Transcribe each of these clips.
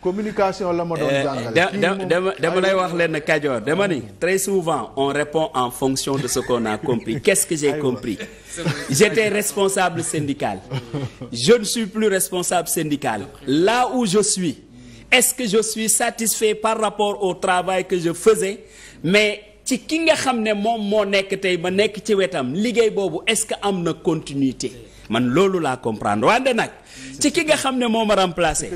communication la ma eh, lay wax leen Kajoor dama ni très souvent on répond en fonction de ce qu'on a compris qu'est-ce que j'ai compris j'étais responsable syndical je ne suis plus responsable syndical là où je suis est-ce que je suis satisfait par rapport au travail que je faisais mais ci ki nga xam ne moom moo nekk tey ba nekk ci wetam liggéey boobu est-ce que am na continuité man loolu laa comprendre wande nag ci ki nga xam ne moo ma remplacé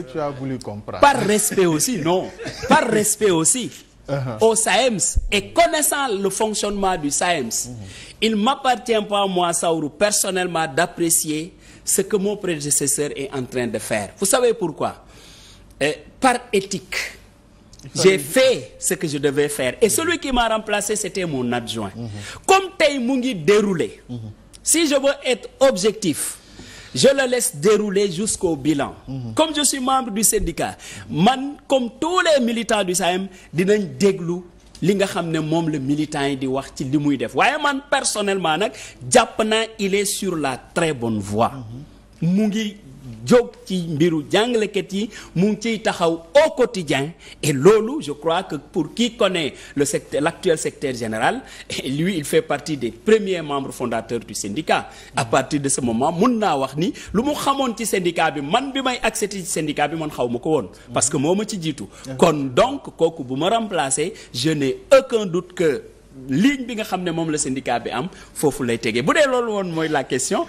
par respect aussi non par respect aussi uh-huh. au SAEMS et connaissant le fonctionnement du SAEMS uh-huh. il m'appartient pas moi Saourou personnellement d'apprécier ce que mon prédécesseur est en train de faire vous savez pourquoi eh, par éthique j'ai fait ce que je devais faire et celui qui m'a remplacé c'était mon adjoint comme tey mu ngi dérouler si je veux être objectif je le laisse dérouler jusqu'au bilan comme je suis membre du syndicat man comme tous les militants du SAEM dinañ déglu li nga xam ne moom la militant yi di wax ci li muy def waaye man personnellement nag jàpp na il est sur la très bonne voie mu ngi jóg ci mbiru jàngalekat yi mu ngi ciy taxaw au quotidien et loolu je crois que pour qui connaît le secteur l'actuel secteur général lui il fait partie des premiers membres fondateurs du syndicat à partir de ce moment mun naa wax ni lu mu xamoon ci syndicat bi man bi may accès ci syndicat bi man xaw ma ko woon parce que moo ma ci jiitu kon donc kooku bu ma remplacer je n'ai aucun doute que ligne bi nga xam ne moom la syndicat bi am foofu lay tegee bu dee loolu woon mooy la question.